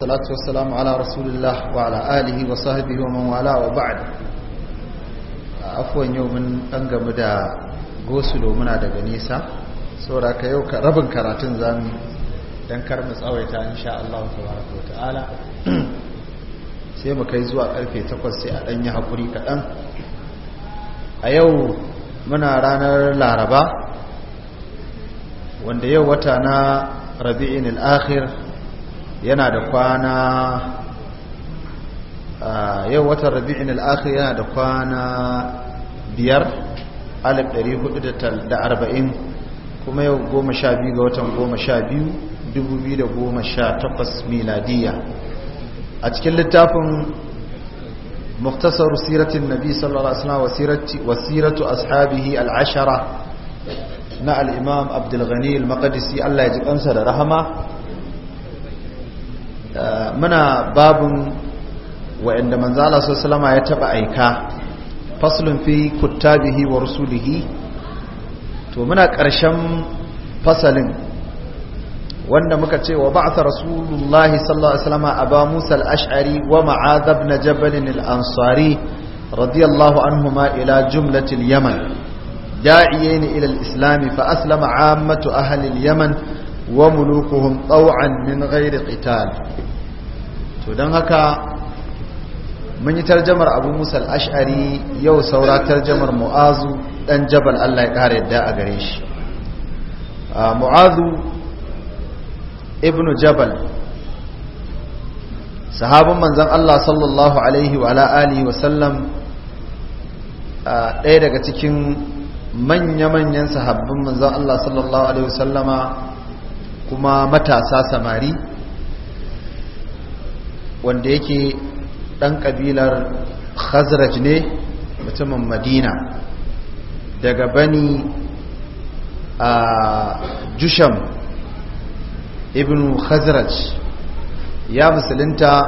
salatu wassalamu ala rasulillah wa ala alihi wa sahibihi wa man wala wa ba'd afwan yau mun anga gamu da gosulo muna daga nisa saboda ka yau ka rabin karatun zamu dan kar mu tsawaita insha Allah tabaraka wa ta'ala sai mu kai zuwa karfe 8 sai a dan yi hakuri kadan a yau muna ranar Laraba wanda yau wata na Rabi'in al-akhir yana da kwana yau watan rabi'in al'akhir yana da kwana biyar alif ɗari hudu da arba'in kuma yau goma sha biyu ga watan goma sha biyu dubu biyu da goma sha takwas miladiya a cikin littafin Muktasar سيرة Nabi صلى الله عليه وسلم وسيرة, وسيرة أصحابه العشرة مع الإمام عبد الغني المقدسي الله يجب أنسى رحمه Eh, muna babun wa'anda manzo Allah ya taba aika faslun fi kuttabihi wa rusulihi to muna ƙarshen fasalin wanda muka ce wa ba'atha rasulullahi sallallahu alaihi wasallam aba musa al-ash'ari wa ma'adh ibn jabal al-ansari radiyallahu anhuma ila jumlatil yaman da'iyin ila al-islam fa aslama 'ammatu ahli al-yaman wa mulukuhum tsawon min ghairi qital to don haka mun yi tarjamar abu musal ash'ari yau saura tarjamar mu'azu dan jabal allah ya kare yadda a gare shi mu'azu Ibnu jabal sahabin manzan allah sallallahu alaihi wa alihi wa sallam ɗaya daga cikin manya-manyan sahabin manzan allah sallallahu alaihi wa sallama kuma matasa samari wanda yake ɗan ƙabilar khazraj ne mutumin madina daga bani a jusham ibn khazraj ya musulunta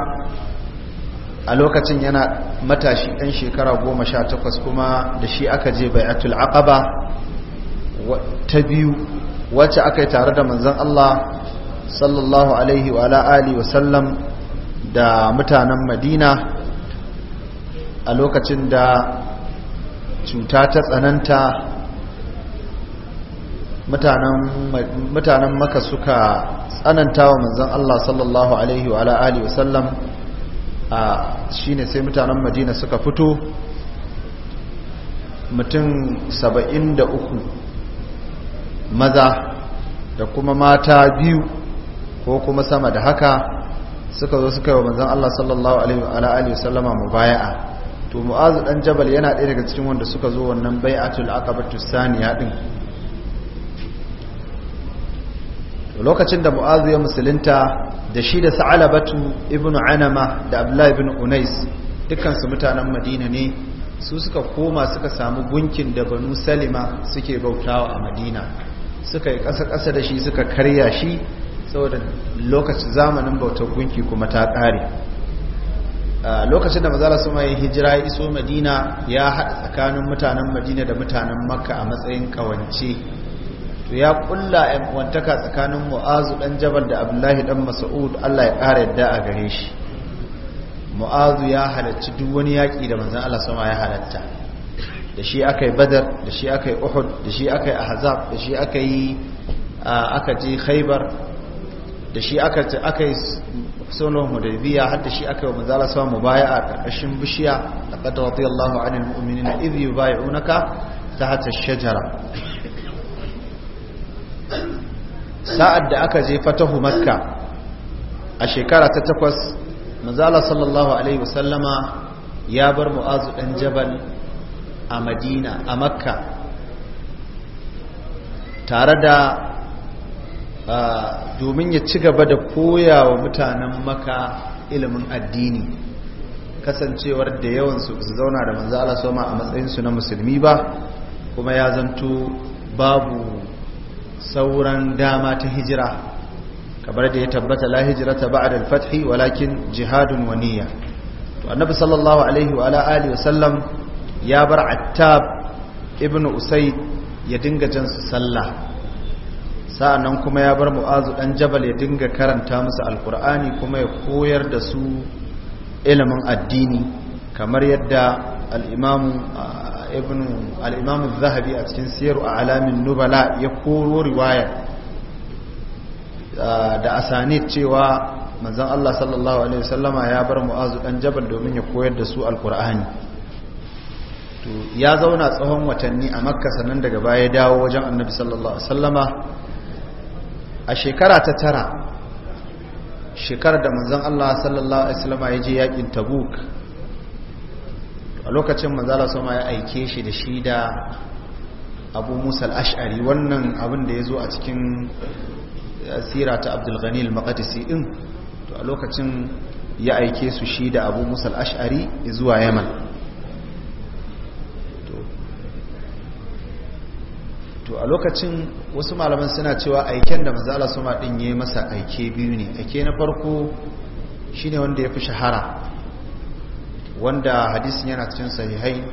a lokacin yana matashi ɗan shekara goma sha takwas kuma da shi aka je bai'atul aqaba ta biyu wacce aka yi tare da manzan Allah sallallahu alaihi wa alihi wa sallam da mutanen Madina a lokacin da cuta ta tsananta mutanen maka suka tsananta wa manzan Allah sallallahu alaihi wa alihi wa sallam shine sai mutanen Madina suka fito mutum saba'in da uku maza da kuma mata biyu ko kuma sama da haka suka zo suka yi wa manzan Allah sallallahu alaihi wa sallama mubaya'a to mu'azu dan jabal yana ɗaya daga cikin wanda suka zo wannan bai'atul aqabatu saniya din lokacin da mu'azu ya musulunta da shi da sa'alabatu ibnu anama da abdullahi ibn unais dukansu mutanen madina ne su suka koma suka samu gunkin da banu salima suke bautawa a madina suka yi ƙasa kasa da shi suka karya shi saboda lokacin zamanin bautar gunki kuma ta ƙare lokacin da mazala su mai hijira ya iso madina ya haɗa tsakanin mutanen madina da mutanen makka a matsayin kawance. to ya ƙulla wantaka tsakanin mu'azu ɗan jabal da abdullahi ɗan masu'ud allah ya ƙara yadda a gare shi mu'azu ya halarci duk wani yaƙi da manzan allah sama ya halarta da shi aka yi badar da shi aka yi uhud da shi aka yi ahzab da shi aka yi aka ji khaibar da shi aka yi sunan hudaybiya har da shi aka yi manzala sama mubaya'a karkashin bishiya laqad radiyallahu 'anil mu'minina idh yubay'unaka tahta ash-shajara sa'ad da aka je fatahu makka a shekara ta takwas manzala sallallahu alaihi wasallama ya bar mu'azu ɗan jabal a madina a makka tare da domin ya ci gaba da koya wa mutanen maka ilimin addini kasancewar da yawansu su zauna da manzo Allah soma a matsayinsu na musulmi ba kuma ya zanto babu sauran dama ta hijira kamar da ya tabbata la ta ba'da al-fath walakin jihadun wa to annabi sallallahu alaihi wa ala alihi wa sallam ya bar attab ibn Usai ya dinga jan su sallah sa'annan kuma ya bar mu'azu dan jabal ya dinga karanta musu alkur'ani kuma ya koyar da su ilimin addini kamar yadda al'imamu uh, al'imamu zahabi a cikin siyar a alamin nubala ya koro riwaya uh, da asani cewa manzon Allah sallallahu Alaihi wasallama ya bar mu'azu dan jabal domin ya koyar da su alkur'ani to ya zauna tsohon watanni a makka sannan daga baya dawo wajen annabi sallallahu alaihi a shekara ta tara shekarar da manzon Allah sallallahu alaihi wasallama ya je yakin tabuk a lokacin manzala sama ya aike shi da shi da abu musa ash'ari wannan abin da ya zo a cikin eh, sira ta abdulghani al-maqadisi din to a lokacin ya aike su shi da abu musa ash'ari zuwa yaman to a lokacin wasu malaman suna cewa aiken da manzo Allah sama din yayi masa aike biyu ne aike na farko shine wanda ya fi shahara wanda hadisin yana cikin sahihai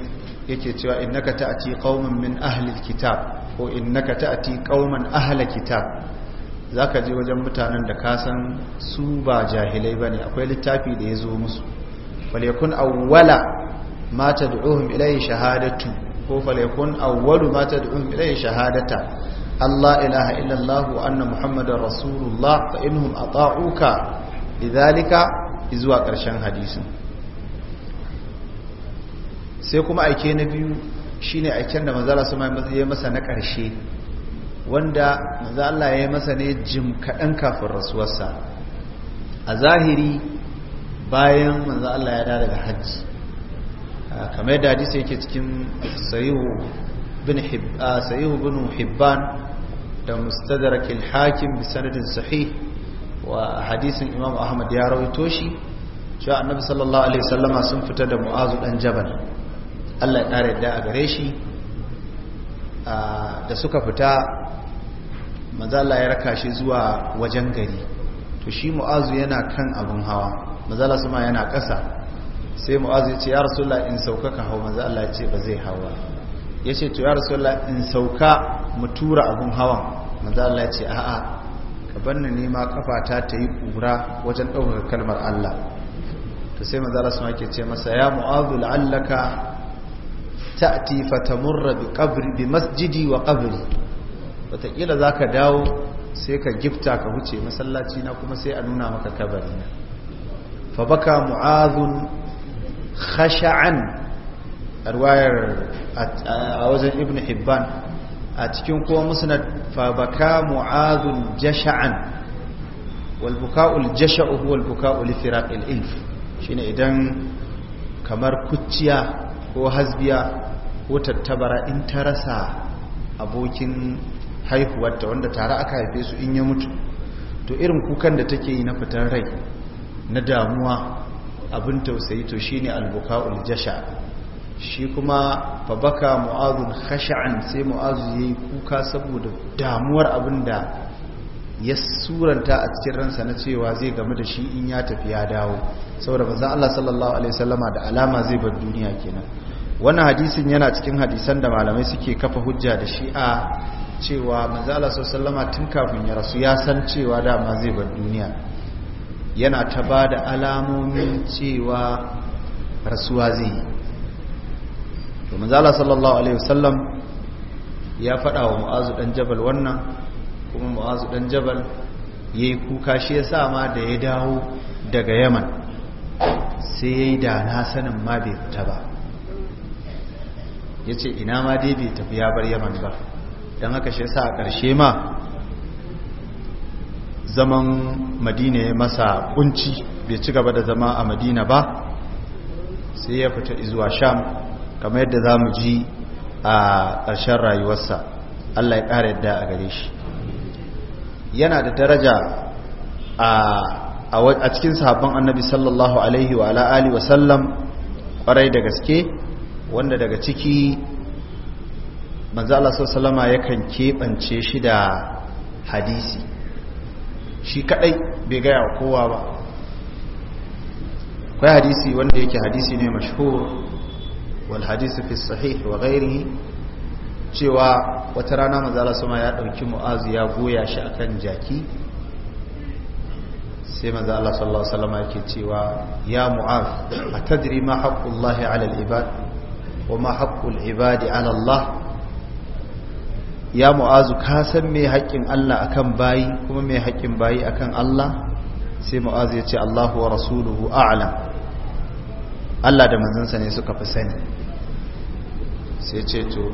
yake cewa innaka ta'ati qauman min ahli alkitab ko innaka ta'ati qauman ahla kitab zaka je wajen mutanen da ka san su ba jahilai bane akwai littafi da ya zo musu falyakun awwala ma tad'uhum ilayhi shahadatu ko falekun awwalu ma tad'un ilayhi shahadata Allah ilaha illallah wa anna muhammadar rasulullah fa innahum ata'uka lidhalika zuwa karshen hadisin sai kuma aike na biyu shine aiken da manzala su ya masa na ƙarshe wanda manzo Allah ya yi masa ne jim kaɗan kafin rasuwarsa a zahiri bayan manzo Allah ya daga hajji kamar yadda hadisi yake cikin sayihu bin hibban da mustadrak hakim bi sanadin sahih wa hadisin imam ahmad ya rawaito shi cewa annabi sallallahu alaihi wasallama sun fita da mu'azu dan jabal Allah ya kare yadda a gare shi da suka fita manzo Allah ya raka shi zuwa wajen gari to shi mu'azu yana kan abun hawa manzo Allah yana kasa sai mu'azu ya ce ya rasu in sauka ka hau maza Allah ce ba zai hawa ya ce to ya rasu in sauka mu tura abun hawan maza Allah ce a'a ka banna nema ma kafata ta yi kura wajen ɗaukaka kalmar Allah to sai maza Allah sama ce masa ya mu'azu la'allaka ta'ti fatamurra bi qabri bi masjidi wa qabri wataƙila za ka dawo sai ka gifta ka wuce masallaci na kuma sai a nuna maka kabari fa baka mu'azun khasha'an arwayar a wajen ibn hibban a cikin kuma musnad fabaka mu'adul jasha'an wal buka'ul jasha'u huwa al firaqil ilf shine idan kamar kuciya ko hasbiya ko tattabara in ta rasa abokin haihuwarta wanda tare aka haife su in ya mutu to irin kukan da take yi na fitar rai na damuwa abin tausayi to shine albuka'ul jasha shi kuma fabaka mu'azun khash'an sai mu'azu yi kuka saboda damuwar abin da ya suranta a cikin ransa na cewa zai gamu da shi in ya tafi ya dawo saboda manzon Allah sallallahu alaihi da alama zai bar duniya kenan wannan hadisin yana cikin hadisan da malamai suke kafa hujja da shi a cewa manzon Allah sallallahu tun kafin ya rasu ya san cewa dama zai bar duniya yana ta ba da alamomin cewa rasuwa zai yi domin zala sallallahu alaihi wasallam ya faɗa wa mu'azu Dan jabal wannan kuma mu'azu Dan jabal ya yi kuka shi ya sa ma da ya dawo daga yaman sai ya yi da na sanin ma bai fita ba ya ce ina ma dai bai tafi ya bar yaman ba don haka shi ya sa a ƙarshe ma zaman madina ya masa kunci bai ci gaba da zama a madina ba sai ya fita zuwa sham kamar yadda za mu ji a ƙarshen rayuwarsa allah ya ƙara yadda a gare shi yana da daraja a cikin sahabban annabi sallallahu alaihi wa ala'ali wasallam ƙwarai da gaske wanda daga ciki manzala salama yakan keɓance shi da hadisi shi kadai bai gaya wa kowa ba akwai hadisi wanda yake hadisi ne mashhur wal hadisi fi sahih wa ghairihi cewa wata rana manzala sama ya dauki mu'azu ya goya shi akan jaki sai manzo Allah sallallahu alaihi wasallam yake cewa ya mu'az atadri ma haqqullahi 'ala ibad wa ma haqqul ibadi alallah Allah ya mu'azu ka san me haƙƙin Allah akan bayi kuma me haƙƙin bayi akan Allah sai mu'azu ya ce Allahu wa rasuluhu a'lam Allah da manzansa ne suka fi sani sai ce to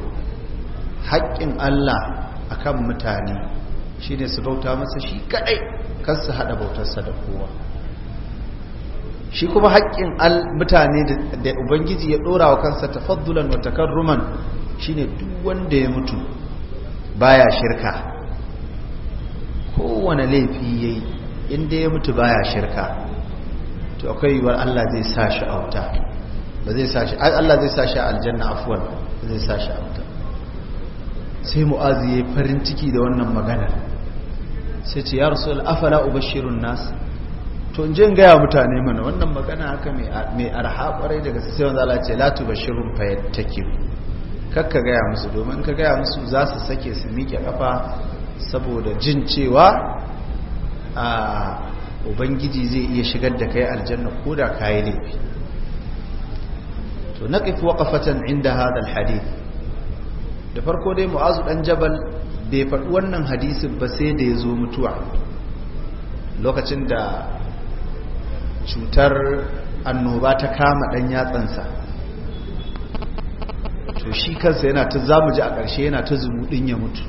haƙƙin Allah akan mutane shine su bauta masa shi kadai kan su hada bautarsa da kowa shi kuma haƙƙin mutane da ubangiji ya dora wa kansa tafaddulan wa takarruman shine duk wanda ya mutu baya shirka kowane laifi ya yi inda ya mutu baya shirka to akwai yiwuwar Allah zai sa shi auta ba zai sa shi Allah zai sa shi aljanna afuwan zai sa shi auta sai mu'azi ya yi farin ciki da wannan maganar sai ce ya rasul afala ubashirun nas to in je in gaya mutane mana wannan magana haka mai arha kwarai daga sai wanda Allah ce la tubashirun fayattakiru kakka gaya musu domin ka gaya musu za su sake su miƙe ƙafa saboda jin cewa a ubangiji zai iya shigar da kai aljanna ko da kayi laifi to na kuwa waqafatan inda hadal alhadith da farko dai mu'azu dan jabal bai faɗi wannan hadisin ba sai da ya zo mutuwa lokacin da cutar annoba ta kama ɗan yatsansa to shi kansa yana ta zamu ji a ƙarshe yana ta zumuɗin ya mutu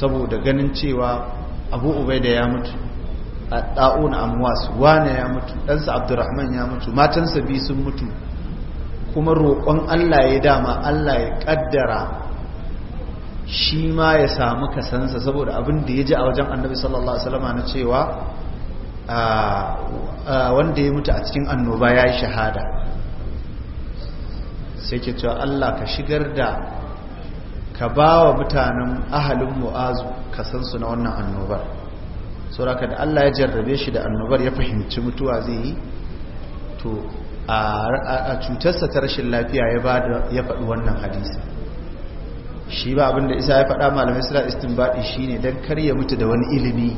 saboda ganin cewa abu ubaida ya mutu a ɗa'un amwas wane ya mutu ɗansa abdurrahman ya mutu matansa biyu sun mutu kuma roƙon allah ya dama allah ya ƙaddara shi ma ya samu kasansa saboda abin da ya ji a wajen annabi sallallahu alaihi na cewa wanda ya mutu a cikin annoba ya yi shahada sai ke cewa Allah ka shigar da ka ba wa mutanen ahalin mu'azu ka san su na wannan annobar sauraka da Allah ya jarrabe shi da annobar ya fahimci mutuwa zai yi to a cutarsa ta rashin lafiya ya faɗi wannan hadisi shi ba abinda isa ya faɗa malamai suna istinbaɗi shi ne don kar mutu da wani ilimi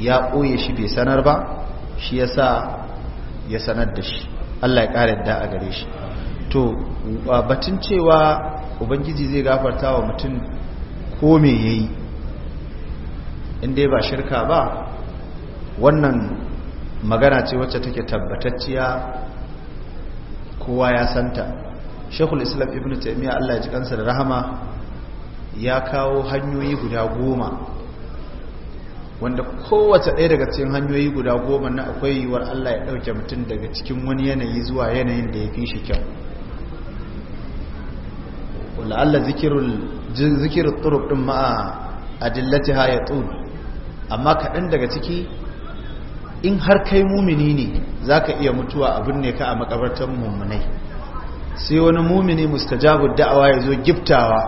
ya ɓoye shi bai sanar ba shi ya sa ya sanar da shi Allah ya ƙara yadda a gare shi to batun cewa ubangiji zai gafarta wa mutum ko me ya yi inda ba shirka ba wannan magana ce wacce take tabbatacciya kowa ya santa shekul islam ibn taimiyya allah ya ji kansa da rahama ya kawo hanyoyi guda goma wanda kowace ɗaya daga cikin hanyoyi guda goma na akwai yiwuwar allah ya ɗauke mutum daga cikin wani yanayi zuwa yanayin da ya fi shi kyau la'alla zikirin turuk ɗin ma'a adillati ha ya amma kaɗan daga ciki in har kai mumini ne za ka iya mutuwa abin ne ka a makabartar mummunai sai wani mumini mustajabu da'awa ya zo giftawa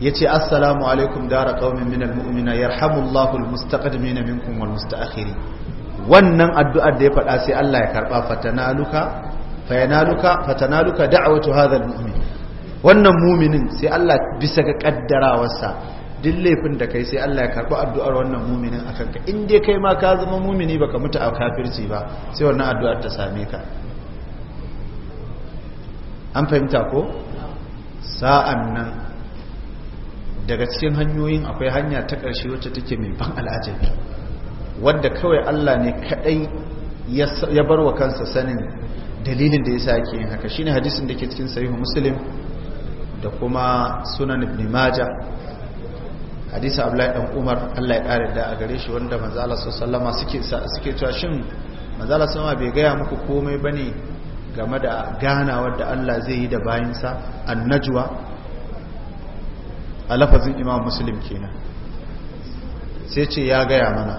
ya ce assalamu alaikum dara ƙaumin minal mu'mina yarhamullahu almustaqdimina minkun wal mustaakhirin wannan addu'ar da ya faɗa sai Allah ya karɓa fatanaluka fatanaluka da'awatu hadha almu'min wannan muminin sai Allah bisa ga kaddarawarsa duk laifin da kai sai Allah ya karɓi addu'ar wannan muminin akan ka in dai kai ma ka zama mumini baka mutu a kafirci ba sai wannan addu'ar ta same ka an fahimta ko sa'an nan daga cikin hanyoyin akwai hanya ta ƙarshe wacce take mai ban al'ajabi wadda kawai Allah ne kaɗai ya bar wa kansa sanin dalilin da ya sa ake yin haka shine hadisin da ke cikin sahihu muslim da kuma sunan ibn majah hadisi abdullahi dan umar Allah ya kare da a gare shi wanda manzo Allah sallama suke suke cewa shin manzo Allah sallama bai gaya muku komai bane game da ganawar da Allah zai yi da bayinsa annajwa a lafazin imam muslim kenan sai ce ya gaya mana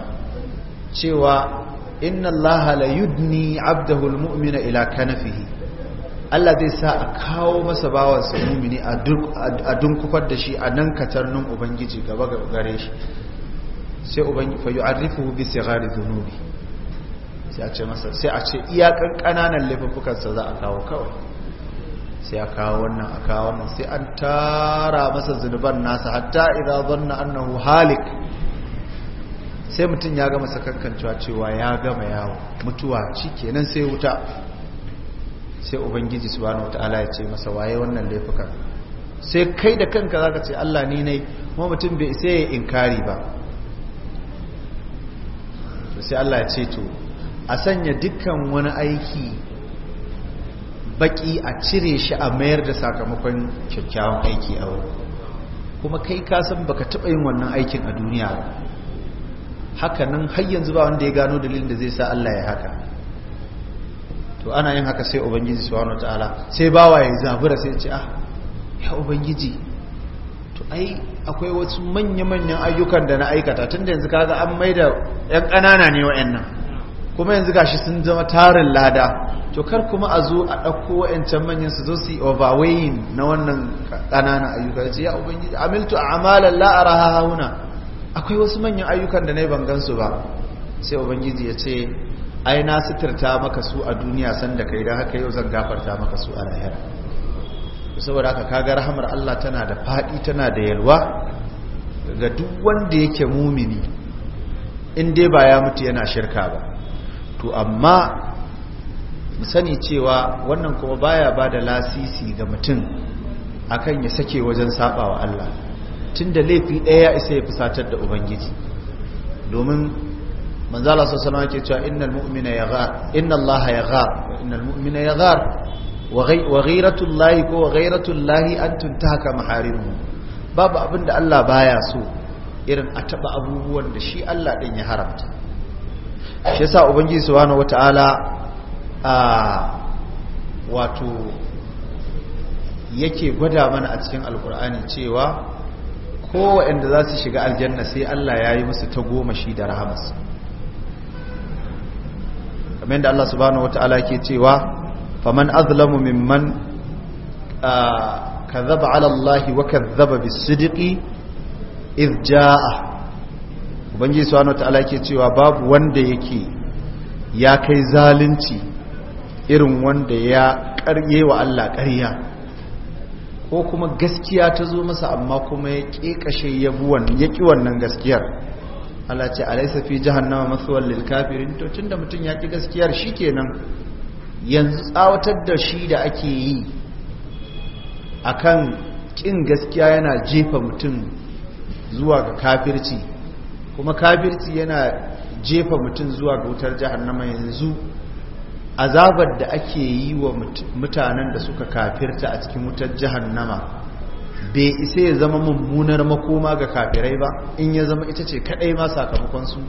cewa inna allaha la yudni abdahu almu'mina ila kanafihi Allah zai sa a kawo masa bawansa mumini a dunkufar da shi a nan nun ubangiji gaba gare shi sai ubangi fa yu'arrifuhu bi sighari dhunubi sai a ce masa sai a ce iyakan kananan laifukansa za a kawo kawai sai a kawo wannan a kawo wannan sai an tara masa zunuban nasa hatta idza zanna annahu halik sai mutum ya gama sakankancewa cewa ya gama yawo mutuwa shi kenan sai wuta sai ubangiji subhanahu wataala ya ce masa waye wannan laifukan sai kai da kanka zaka ce Allah ni ne kuma mutum bai sai ya inkari ba to sai Allah ya ce to a sanya dukkan wani aiki baki a cire shi a mayar da sakamakon kyakkyawan aiki a wuri kuma kai ka san baka taba yin wannan aikin a duniya hakanan har yanzu ba wanda ya gano dalilin da zai sa Allah ya haka to ana yin haka sai ubangiji subhanahu ta'ala sai bawa ya zabura sai ce ah ya ubangiji to ai akwai wasu manya-manyan ayyukan da na aikata tun da yanzu kaga an maida yan ƙanana ne wa'annan kuma yanzu gashi sun zama tarin lada to kar kuma a zo a ɗauko wa'ancan manyan su zo su yi overweighing na wannan ƙanana ayyukan ya ubangiji amiltu amalan la hauna akwai wasu manyan ayyukan da na yi ban su ba sai ubangiji ya ce ai na suturta maka su a duniya sanda kai dan haka yau zan gafarta maka su a lahira saboda haka kaga rahamar Allah tana da fadi tana da yalwa ga duk wanda yake mumini in dai ba ya mutu yana shirka ba to amma mu sani cewa wannan kuma baya ba da lasisi ga mutum akan ya sake wajen saba wa Allah tunda laifi ɗaya isa ya fusatar da ubangiji domin manzo Allah sallallahu alaihi wasallam yake cewa innal mu'mina yaghar inna Allah yaghar wa innal mu'mina yaghar wa ghayratu Allah ko wa ghayratu Allah an tuntaka maharimu babu abinda Allah baya so irin a taba abubuwan da shi Allah din ya haramta shi yasa ubangiji subhanahu wataala a wato yake gwada mana a cikin alkur'ani cewa inda za su shiga aljanna sai Allah ya yi musu ta goma shi da rahamarsa kamar yadda Allah subhanahu wataala ke cewa faman azlamu mimman kadhaba ala Allah wa kadhaba bis-sidqi idh jaa ubangiji subhanahu wataala ke cewa babu wanda yake ya kai zalunci irin wanda ya karye wa Allah ƙarya ko kuma gaskiya ta zo masa amma kuma ya ƙeƙashe yabuwan ya ƙi wannan gaskiyar Allah ce laisa fi jahannama masu lil kafirin to da mutum ya ki gaskiyar shi kenan yanzu tsawatar da shi da ake yi a kan ƙin gaskiya yana jefa mutum zuwa ga kafirci kuma kafirci yana jefa mutum zuwa ga wutar jahannama yanzu azabar da ake yi wa mutanen da suka kafirta a cikin wutar jahannama bai isa ya zama mummunar makoma ga kafirai ba in ya zama ita ce kadai ma sakamakon su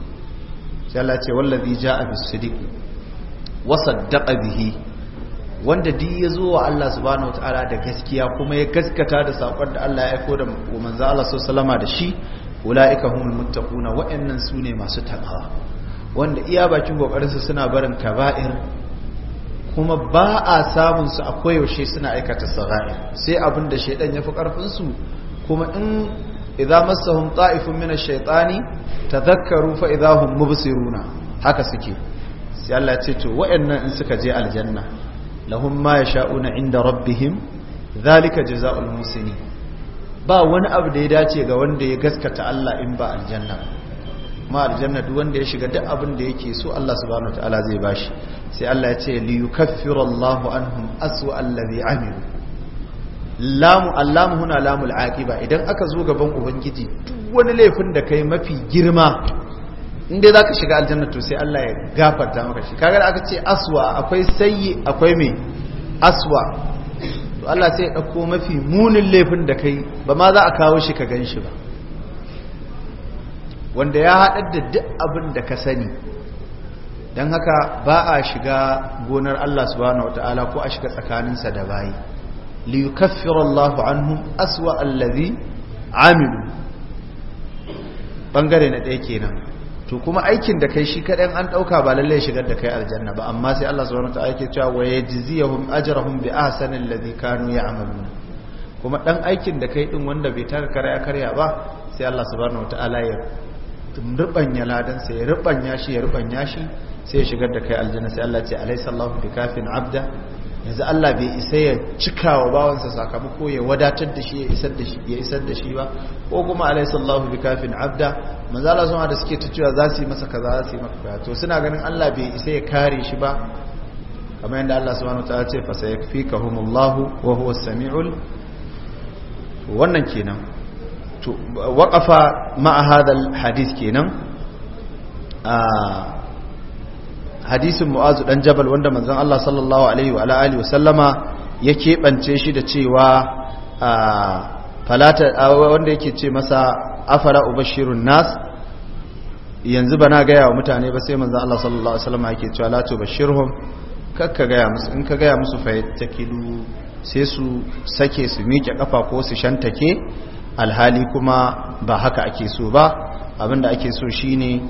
sai Allah ce wallazi jaa bis-sidiq wa saddaqa bihi wanda duk ya zo wa Allah subhanahu wataala da gaskiya kuma ya gaskata da sakon da Allah ya aiko da manzo Allah sallallahu da shi ulaika humul muttaquna wa'annan sune masu takawa wanda iya bakin kokarin su suna barin kaba'ir kuma ba a samun su a koyaushe suna aikata sarai sai abin da shaidan ya fi karfinsu kuma in idan masahun ta'ifin mina shaitani ta zakaru fa'idahun mubisiruna haka suke sai Allah ce to wa'annan in suka je aljanna lahun ma ya sha'una inda rabbihim zalika jaza'ul musini ba wani abu da ya dace ga wanda ya gaskata Allah in ba aljanna ma aljanna wanda ya shiga duk abin da yake so Allah subhanahu wataala zai bashi sai Allah ya ce li yukaffiru Allahu anhum aswa allazi amilu lamu allamu huna lamul aqiba idan aka zo gaban ubangiji duk wani laifin da kai mafi girma inda zaka shiga aljanna to sai Allah ya gafarta maka shi kaga da aka ce aswa akwai sayyi akwai me aswa to Allah sai ya dauko mafi munin laifin da kai ba ma za a kawo shi ka gan shi ba wanda ya haɗar da duk abin da ka sani don haka ba a shiga gonar Allah subhanahu wata'ala ko a shiga tsakaninsa da bayi liyukaffiru Allahu anhum aswa allazi amilu bangare na ɗaya kenan to kuma aikin da kai shi kaɗan an ɗauka ba lallai shigar da kai aljanna ba amma sai Allah subhanahu wata'ala yake cewa wa yajziyahum ajrahum bi ahsani allazi kanu ya'maluna kuma dan aikin da kai ɗin wanda bai taka karya karya ba sai Allah subhanahu wata'ala ya rubanya ladansa ya rubanya shi ya rubanya shi sai ya shigar da kai aljanna sai Allah ce alaysa Allahu bikafin abda yanzu Allah bai isa ya cika wa bawansa sakamako ya wadatar da shi ya isar da shi ya isar da shi ba ko kuma alaysa Allahu bikafin abda manzo Allah sun da suke ta cewa za su yi masa kaza za su yi maka kaza to suna ganin Allah bai isa ya kare shi ba kamar yadda Allah subhanahu ta'ala ce fa sayakfikahumullahu wa huwa samiul wannan kenan to waƙafa ma'a hadal hadith kenan a hadisin mu'azu dan jabal wanda manzon Allah sallallahu alaihi wa alihi wasallama ya keɓance shi da cewa a falata wanda yake ce masa afara ubashirun nas yanzu bana gaya wa mutane ba sai manzon Allah sallallahu alaihi wasallama yake cewa la bashirhum kakka gaya musu in ka gaya musu fa takidu sai su sake su miƙe kafa ko su shantake alhali kuma ba haka ake so ba abinda ake so shine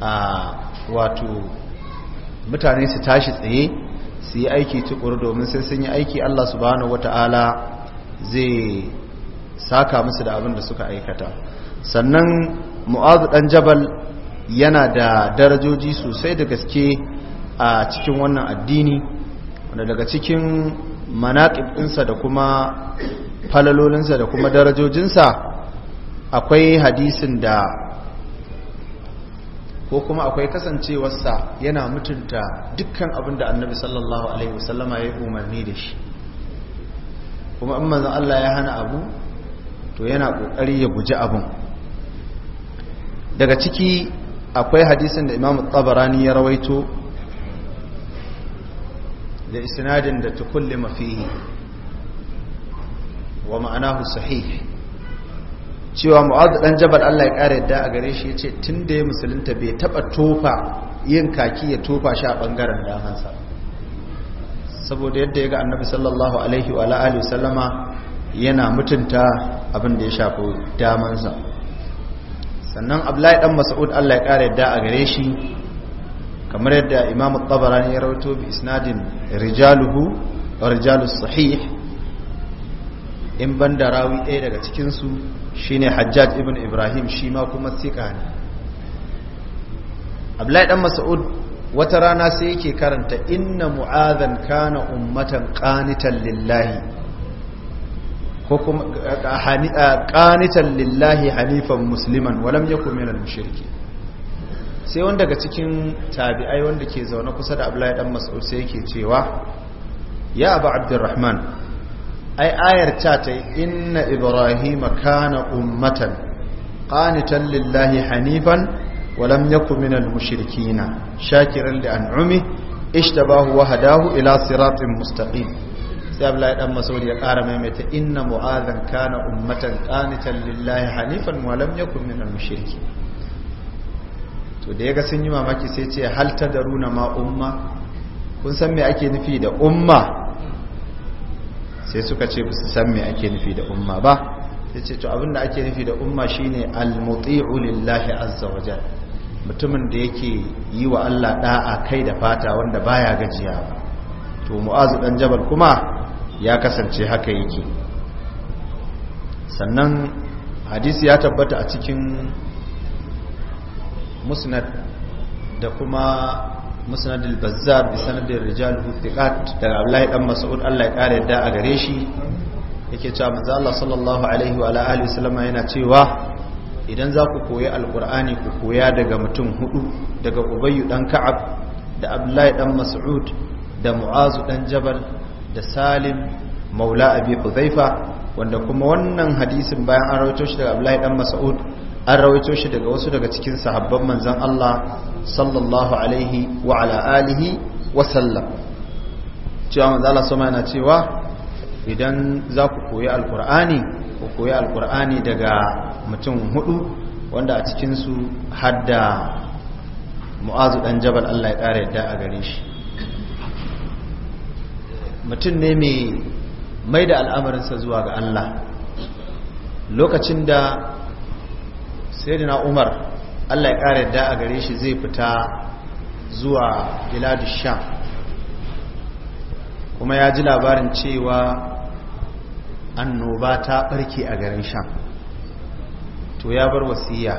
a wato mutane su tashi tsaye su yi aiki tukuru domin sai sun yi aiki Allah subhanahu wata'ala zai saka musu da abin da suka aikata sannan mu'azu dan jabal yana da darajoji sosai da gaske a cikin wannan addini wanda daga cikin manaƙib ɗinsa da kuma falalolinsa da kuma darajojinsa akwai hadisin da ko kuma akwai kasancewarsa yana mutunta dukkan abin da annabi sallallahu alaihi wasallama ya yi umarni da shi kuma in manzan Allah ya hana abu to yana kokari ya guji abin daga ciki akwai hadisin da imamu tabarani ya rawaito da isnadin da tukulli mafihi wa ma'anahu sahih cewa mu'ad dan jabal Allah ya kare da a gare shi yace tunda ya musulunta bai taba tofa yin kaki ya tofa shi a bangaren damansa saboda yadda ya ga annabi sallallahu alaihi wa alihi sallama yana mutunta abin da ya shafi damansa sannan abdullahi dan mas'ud Allah ya kare da a gare shi kamar yadda imam at-tabarani ya rawaito bi isnadin rijaluhu wa rijalus sahih in ban da rawi ɗaya daga cikinsu shine hajjaj ibn ibrahim shi ma kuma siƙa ne abdullahi dan mas'ud wata rana sai yake karanta inna mu'azan kana ummatan ƙanitan lillahi ko lillahi hanifan musliman walam ya kome na shirki. sai wanda daga cikin tabi'ai wanda ke zaune kusa da abdullahi dan mas'ud sai yake cewa ya abu abdurrahman ai ayar ta ta inna ibrahima kana ummatan qanitan lillahi hanifan wa lam yakun minal mushrikina shakiran li an'umi ishtabahu wa hadahu ila siratin mustaqim sai Abdullahi dan Mas'ud ya ƙara maimaita inna mu'adhan kana ummatan qanitan lillahi hanifan wa lam yakun minal to da yaga sun yi mamaki sai ce hal tadaruna ma umma kun san me ake nufi da umma sai suka ce su san me ake nufi da umma ba sai ce to da ake nufi da umma shine al-muti'u lillahi azza wa mutumin da yake yi wa Allah da'a kai da fata wanda baya gajiya to mu'azu dan jabal kuma ya kasance haka yake sannan hadisi ya tabbata a cikin musnad da kuma musnad al-bazzar bi sanad ar-rijal thiqat daga Abdullahi dan Mas'ud Allah ya kare yadda a gare shi yake cewa manzo Allah sallallahu alaihi wa alihi wasallama yana cewa idan za ku koyi alqur'ani ku koya daga mutum hudu daga Ubayy dan Ka'ab da Abdullahi dan Mas'ud da Mu'az dan Jabal da Salim maula Abi Hudhaifa wanda kuma wannan hadisin bayan an rawaito shi daga Abdullahi dan Mas'ud an rawaito shi daga wasu daga cikin sahabban manzan Allah sallallahu alaihi wa ala alihi wa sallam cewa manzan Allah sama yana cewa idan za ku koyi alkur'ani ku koyi alkur'ani daga mutum hudu wanda a cikin su hadda mu'azu dan jabal Allah ya ƙara yadda a gare shi mutum ne mai mai da al'amarinsa zuwa ga Allah lokacin da Sai na umar allah ya ƙara yadda a gare shi zai fita zuwa biladu sham kuma ya ji labarin cewa annoba ta ɓarke a garin sham to ya bar wasiya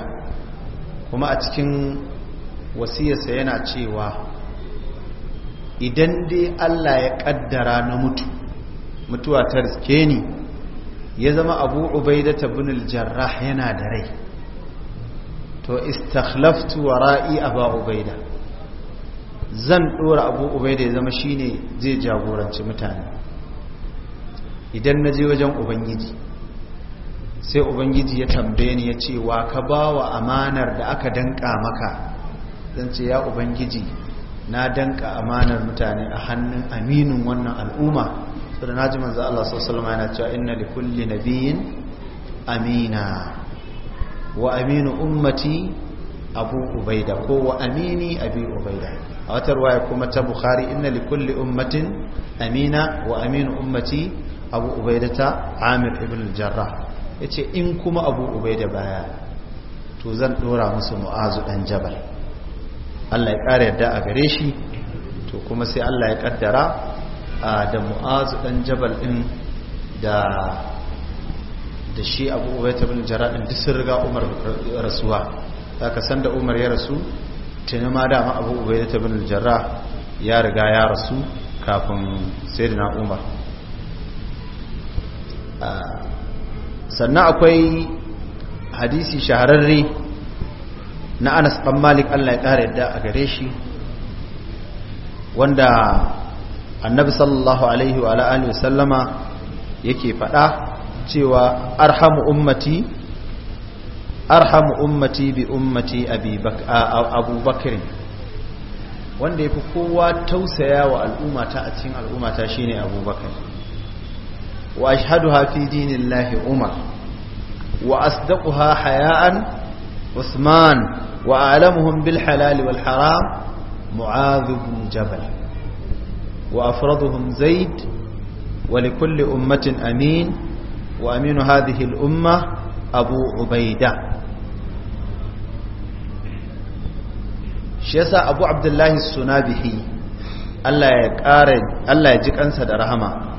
kuma a cikin wasiyarsa yana cewa idan dai allah ya ƙaddara na mutu mutuwa ta riske ni ya zama abu ubaidata bin jarrah yana da rai to istakhlaftu wara'i aba ubaida zan dora abu ubaida ya zama shine zai jagoranci mutane idan na je wajen ubangiji sai ubangiji ya tambaye ni ya ce wa ka bawa amanar da aka danka maka zan ce ya ubangiji na danka amanar mutane a hannun aminin wannan al'umma saboda na ji manzo Allah sallallahu alaihi wasallam yana cewa inna likulli nabiyyin amina wa aminu ummati abu ubaida ko wa amini abi ubaida a wata ruwaya kuma ta bukhari inna li ummatin amina wa aminu ummati abu ubaida ta amir ibn jarrah yace in kuma abu ubaida baya to zan dora musu mu'azu dan jabal Allah ya kare yadda a gare shi to kuma sai Allah ya kaddara da mu'azu dan jabal din da da shi abu ubaita bin jara'in duk sun riga umar rasuwa ka san da umar ya rasu tuni ma dama abu ubaita bin jara ya riga ya rasu kafin sai na umar ah, sannan akwai hadisi shahararre na anas ɗan malik allah ya ƙara yadda a gare shi wanda annabi sallallahu alaihi wa alihi wasallama yake faɗa cewa arhamu ummati arhamu ummati bi ummati abubakar wanda ya fi kowa tausaya wa al'ummata a cikin al'ummata shine abubakar wa ashhaduha fi umar wa ha haya'an usman wa a'lamuhum bil halali wal haram mu'adh jabal wa afraduhum zaid wa likulli ummatin amin wa aminu hadhihi al-umma abu ubaida shi abu abdullahi sunabihi Allah ya ƙara Allah ya ji kansa da rahama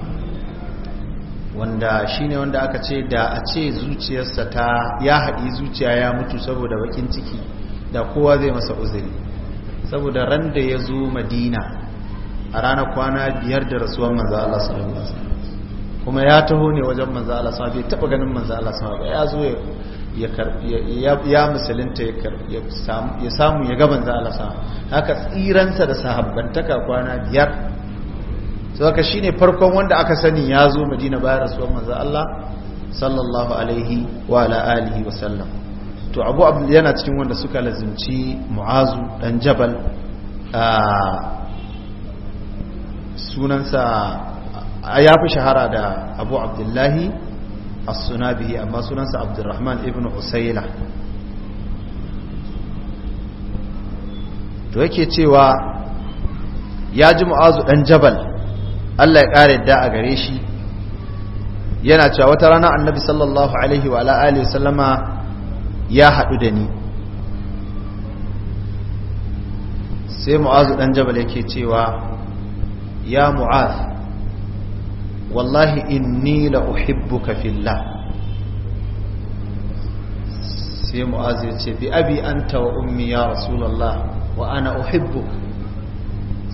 wanda shine wanda aka ce da a ce zuciyarsa ta ya haɗi zuciya ya mutu saboda bakin ciki da kowa zai masa uzuri saboda ran da ya zo madina a ranar kwana biyar da rasuwan manzo Allah sallallahu alaihi wasallam kuma ya taho ne wajen manzo Allah sa bai taba ganin manzo Allah sa ba ya zo ya ya musulunta ya samu ya ga manzo Allah sa haka tsiransa da sahabbantaka kwana biyar so haka shine farkon wanda aka sani ya zo Madina bayan rasulun manzo Allah sallallahu alaihi wa ala alihi wa sallam to Abu Abdul yana cikin wanda suka lazimci Mu'azu dan Jabal ah, sunansa ya fi shahara da abu abdullahi as-sunabihi amma sunansa abdurrahman ibn usaila to yake cewa ya ji mu'azu dan jabal Allah ya kare da a gare shi yana cewa wata rana annabi sallallahu alaihi wa alihi sallama ya haɗu da ni sai mu'azu dan jabal yake cewa ya mu'az wallahi inni la uhibbuka fillah sai mu'az ya ce bi abi anta wa ummi ya rasulullah wa ana uhibbuka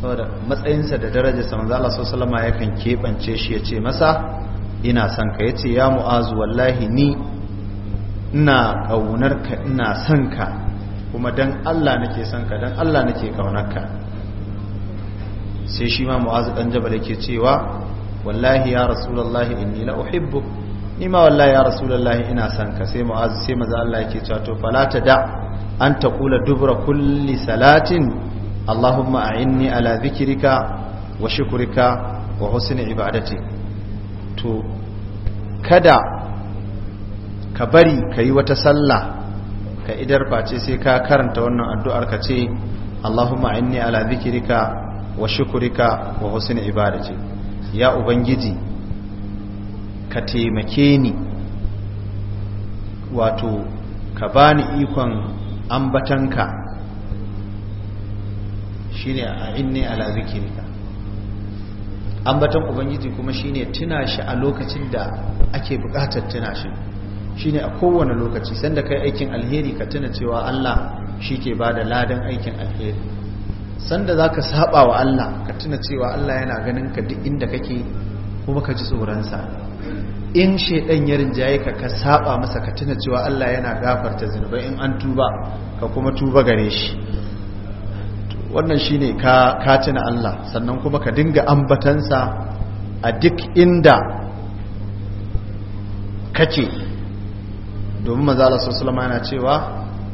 saboda matsayinsa da sa manzo Allah sallallahu alaihi yakan kebance shi ya ce masa ina son ka yace ya mu'az wallahi ni ina kaunar ka ina son ka kuma dan Allah nake son ka dan Allah nake kaunar ka sai shi ma mu'az dan jabal yake cewa wallahi ya rasulullahi inni la uhibbu ni ma wallahi ya rasulullahi ina son ka sai mu'az sai maza Allah yake cewa to fala ta da an ta kula dubra kulli salatin allahumma a'inni ala dhikrika wa shukrika wa husni ibadati to kada ka bari ka yi wata sallah ka idar face sai ka karanta wannan addu'ar ka ce allahumma a'inni ala dhikrika wa shukrika wa husni ibadati ya ubangiji ka taimake ni wato ka bani ikon ambatanka shine a inni ala zikirka ambatan ubangiji kuma shine tuna shi a lokacin da ake bukatar tuna shi shine a kowane lokaci sanda kai aikin alheri ka tuna cewa Allah shi ke bada ladan aikin alheri sanda za ka saba wa Allah ka tuna cewa Allah yana ganin ka duk inda kake kuma ka ji tsoronsa in shaidan ya rinjaye ka ka saba masa ka tuna cewa Allah yana gafarta zunubai in an tuba ka kuma tuba gare shi wannan shine ka ka tuna Allah sannan kuma ka dinga ambatansa a duk inda kake domin manzo Allah sallallahu alaihi wasallam yana cewa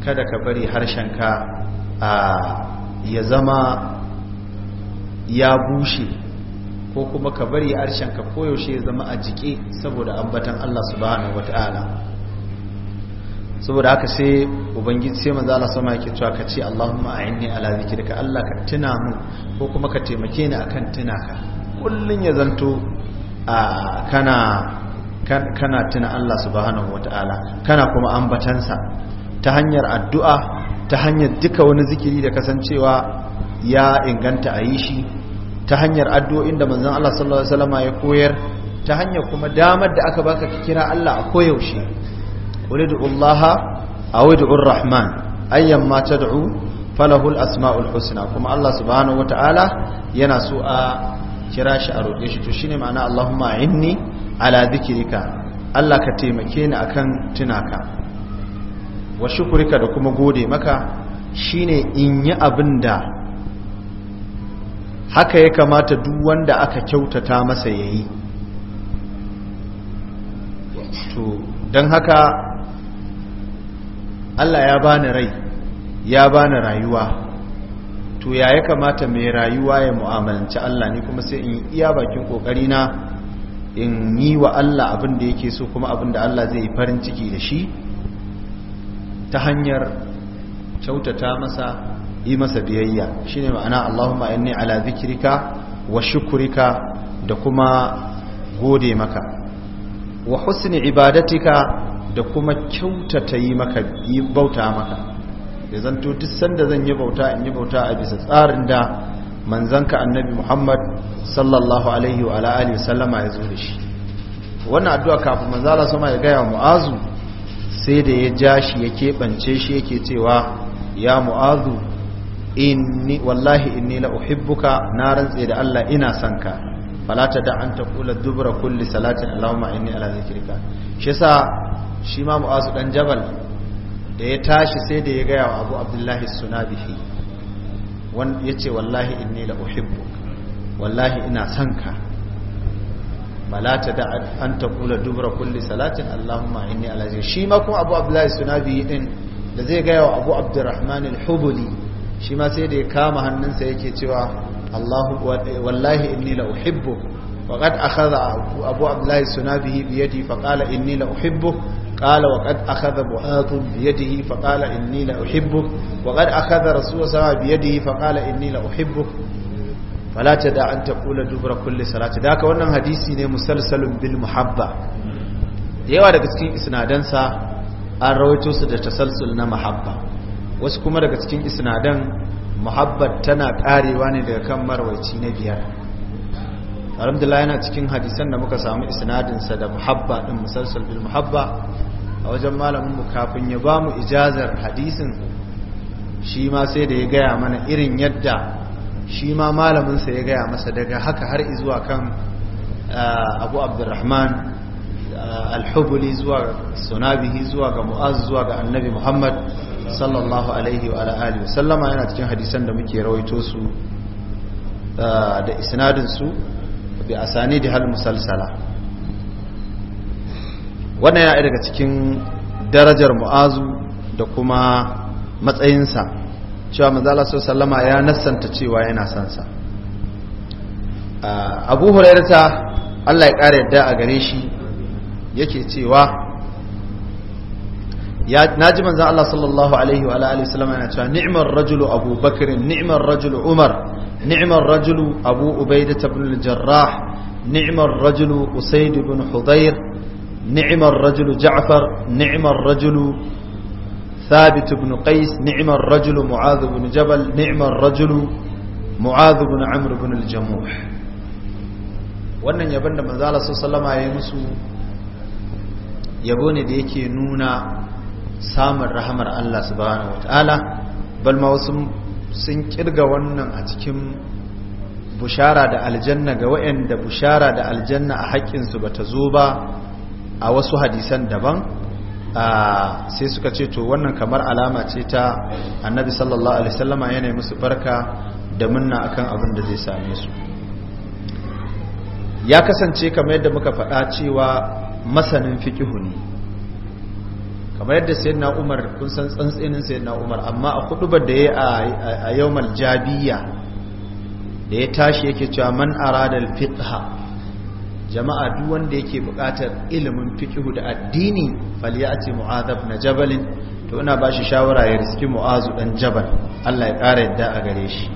kada ka bari harshen ka ah, ya zama ya bushe ko kuma ka bari ka koyaushe ya zama a jike saboda ambatan Allah subhanahu wata'ala saboda haka sai ubangiji sai manzo Allah sama yake cewa ka ce Allahumma a'inni ala zikrika Allah ka tuna mu ko kuma ka taimake ni akan tuna ka kullun ya zanto a kana kana tuna Allah subhanahu wata'ala kana kuma ambatansa ta hanyar addu'a ta hanyar duka wani zikiri da kasancewa ya inganta a yi shi ta hanyar addu'o'in da manzan Allah sallallahu alaihi wasallama ya koyar ta hanyar kuma damar da aka baka kira Allah a koyaushe Wani ulidullaha awidur rahman ayyan mata tad'u falahul asma'ul husna kuma Allah subhanahu wataala yana so a kira shi a roƙe shi to shine ma'ana Allahumma inni ala zikirika. Allah ka taimake ni akan tunaka wa shukurika da kuma gode maka shine in yi abin da haka ya kamata duk wanda aka kyautata masa ya yi don haka allah ya bani rai ya bani rayuwa to ya ya kamata mai rayuwa ya mu'amalanci allah ne kuma sai in yi iya bakin kokari na in yi wa allah abin da yake so kuma abin da allah zai yi farin ciki da shi ta hanyar kyautata masa yi masa biyayya shine ma'ana Allahumma inni ala zikirka wa shukurika da kuma gode maka wa husni ibadatika da kuma kyautata yi maka yi bauta maka Da zan duk sanda zan yi bauta in yi bauta a bisa tsarin da manzanka annabi Muhammad sallallahu alaihi wa ala'ali wasallama ya zo da shi wannan addu'a kafin manzala sama ya gaya mu'azu sai da ya ja shi ya keɓance shi yake cewa ya mu'azu inni wallahi inni la uhibbuka na rantse da Allah ina son ka da an taqula dubra kulli salatin allahumma inni ala zikrika shi sa shi ma mu'azu dan jabal da ya tashi sai da ya ga wa Abu Abdullahi Sunabihi wan yace wallahi inni la uhibbuka wallahi ina son ka ta da an kula dubra kulli salatin allahumma inni ala zikr shi ma kuma abu abdullahi sunabi din da zai gaya wa abu abdurrahman al-hubuli shi ma sai da ya kama hannunsa yake cewa allahu wallahi inni la uhibbu وقد أخذ أبو عبد الله السنابه بيدي فقال إني لأحبه قال وقد أخذ معاذ بيده فقال إني لأحبه وقد أخذ رسول الله بيده فقال إني لأحبه fala da an taqula dubra kulle salati da aka wannan hadisi ne musalsalun bil muhabba da yawa daga cikin isnadansa an rawaito su da tasalsul na muhabba wasu kuma daga cikin isnadan muhabbar tana karewa ne daga kan marwaci na biyar alhamdulillah yana cikin hadisan da muka samu isnadinsa da muhabba din musalsal bil muhabba a wajen malamin mu kafin ya ba mu ijazar hadisin shi ma sai da ya gaya mana irin yadda shi ma malaminsa ya gaya masa daga haka har zuwa kan ah, abu abdurrahman ah, alhubuli zuwa sunabihi zuwa ga mu'az zuwa ga annabi muhammad sallallahu alaihi wa alihi sallama yana cikin hadisan da muke rawaito su ah, da isnadin su bi asani da hal musalsala wannan ya daga cikin darajar mu'azu da kuma matsayinsa cewa manzala su sallama ya nassanta cewa yana sansa sa abu hurairata allah ya ƙara yadda a gare shi yake cewa na ji manzan Allah sallallahu alaihi wa alihi wasallam yana cewa ni'mar rajulu Abu Bakr ni'mar rajulu Umar ni'mar rajulu Abu Ubaidah ibn jarrah ni'mar rajulu usaid ibn Hudayr ni'mar rajulu Ja'far ni'mar rajulu ثابت بن قيس نعم الرجل معاذ بن جبل نعم الرجل معاذ بن عمرو بن الجموح wannan yabon da manzala su salama ya yi musu yabo ne da yake nuna samun rahamar Allah subhanahu wata'ala bal ma wasu sun kirga wannan a cikin bushara da aljanna ga waɗanda bushara da aljanna a haƙƙinsu ba ta zo ba a wasu hadisan daban sai suka ce to wannan kamar alama ce ta annabi sallallahu alaihi wasallama yana musu barka da munna akan abin da zai same su ya kasance kamar yadda muka faɗa cewa masanin fiqihu ne kamar yadda sayyidina Umar kun san tsantsinin sayyidina Umar amma a kudubar da yayi a yawmal jabiya da ya tashi yake cewa man arada al-fiqha jama'a duk wanda yake buƙatar ilimin fiqhu da addini falyati mu'adab na jabalin to ina ba shi shawara ya riski mu'azu dan jabal Allah ya ƙara yadda a gare shi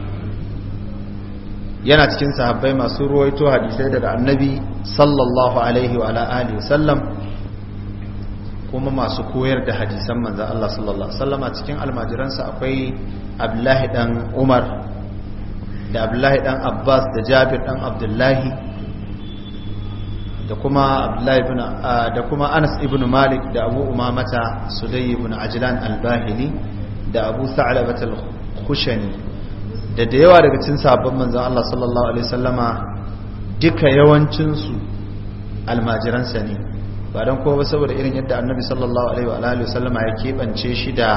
yana cikin sahabbai masu ruwaito hadisai daga annabi sallallahu alaihi wa alihi sallam kuma masu koyar da hadisan manzan Allah sallallahu Alaihi a cikin almajiransa akwai abdullahi dan umar da abdullahi dan abbas da jabir dan abdullahi da kuma abdullahi ibn da kuma anas ibn malik da abu umamata sudai ibn ajlan al-bahili da abu sa'labat al-khushani da da yawa daga cikin sahabban manzon Allah sallallahu alaihi wasallama duka yawancin su almajiran sa ne ba dan kowa ba saboda irin yadda annabi sallallahu alaihi wa alihi wasallama ya kebance shi da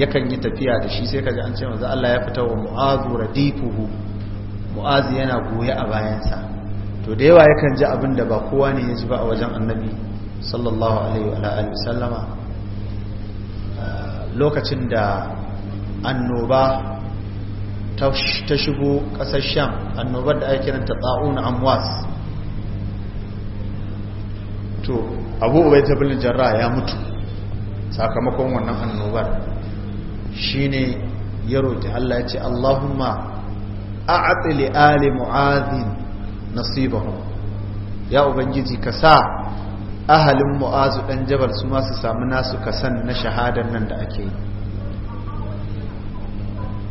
yakan yi tafiya da shi sai kaji an ce manzon Allah ya fita wa mu'azu radifuhu mu'azi yana goye a bayansa to da yawa yakan ji abin da ba kowa ne ya ji ba a wajen annabi sallallahu alaihi wa alihi sallama ah, lokacin da annoba ta shigo ƙasar sham annobar da ake kiranta tsa'un amwas to abu ubai ta bilin jarra ya mutu sakamakon wannan annobar shine ya roƙi Allah ya ce Allahumma a ali mu'adhin nasibahum ya ubangiji ka sa ahalin mu'azu dan jabal su ma su samu nasu kasan na shahadar nan da ake yi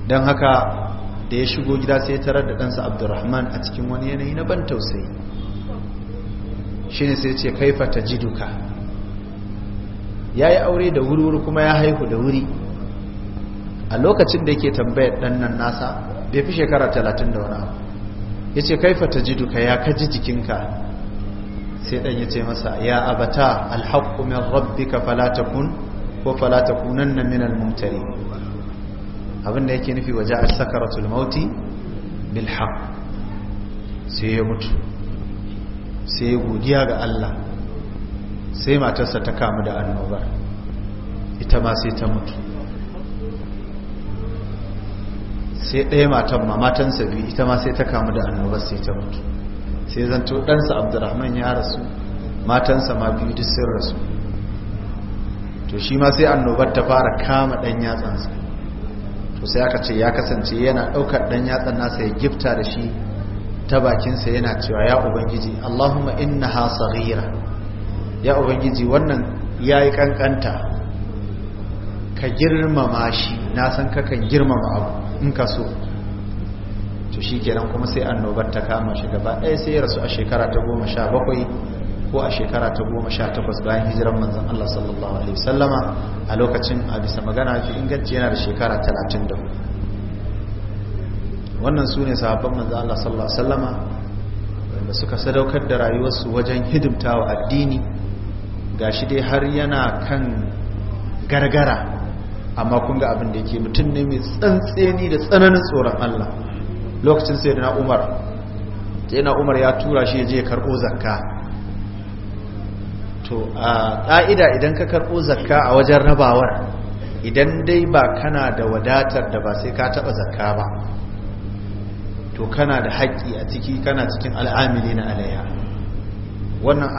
dan haka da ya shigo gida sai tarar da ɗansa abdurrahman a cikin wani yanayi na ban tausayi shine sai ce kaifa ta ji ya yi aure da wuri kuma ya haihu da wuri a lokacin da yake tambayar nan nasa bai fi shekara talatin da wani abu ya ce kaifa ta ji duka ya kaji jikinka sai ɗan ya ce masa ya abata alhaƙu min rabbika falatakun ko takunanna na almuntari abin da yake nufi waje a sakaratul mauti haqq sai ya mutu sai ya godiya ga Allah sai matarsa ta kamu da annobar ita ma sai ta mutu sai ɗaya matan ma sa biyu ita ma sai ta kamu da annobar sai ta mutu sai zanto ɗansa abdurrahman ya rasu matansa ma biyu duk sun rasu to shi ma sai annobar ta fara kama ɗan yatsansa to sai aka ce ya kasance yana ɗaukar ɗan yatsan nasa ya gifta da shi ta bakinsa yana cewa ya ubangiji allahumma inna ha saghira ya ubangiji wannan ya yi kankanta ka girmama shi na san kakan girmama abu in ka so to shi kenan kuma sai annobar ta kama shi gaba ɗaya sai ya rasu a shekara ta goma sha bakwai ko a shekara ta goma sha takwas bayan hijiran manzan Allah sallallahu alaihi wasallama a lokacin a bisa magana fi inganci yana da shekara talatin da wannan su ne sahabban manzan Allah sallallahu alaihi wasallama wanda suka sadaukar da rayuwarsu wajen hidimta wa addini gashi dai har yana kan gargara amma kun ga abin da yake mutum ne mai tsantseni da tsananin tsoron Allah lokacin sai na Umar sai na Umar ya tura shi je karɓo zakka to a ƙa'ida idan ka karɓo zakka a wajen rabawar idan dai ba kana da wadatar da ba sai ka taɓa zakka ba to kana da haƙƙi a ciki kana cikin al'amili na alaiya wannan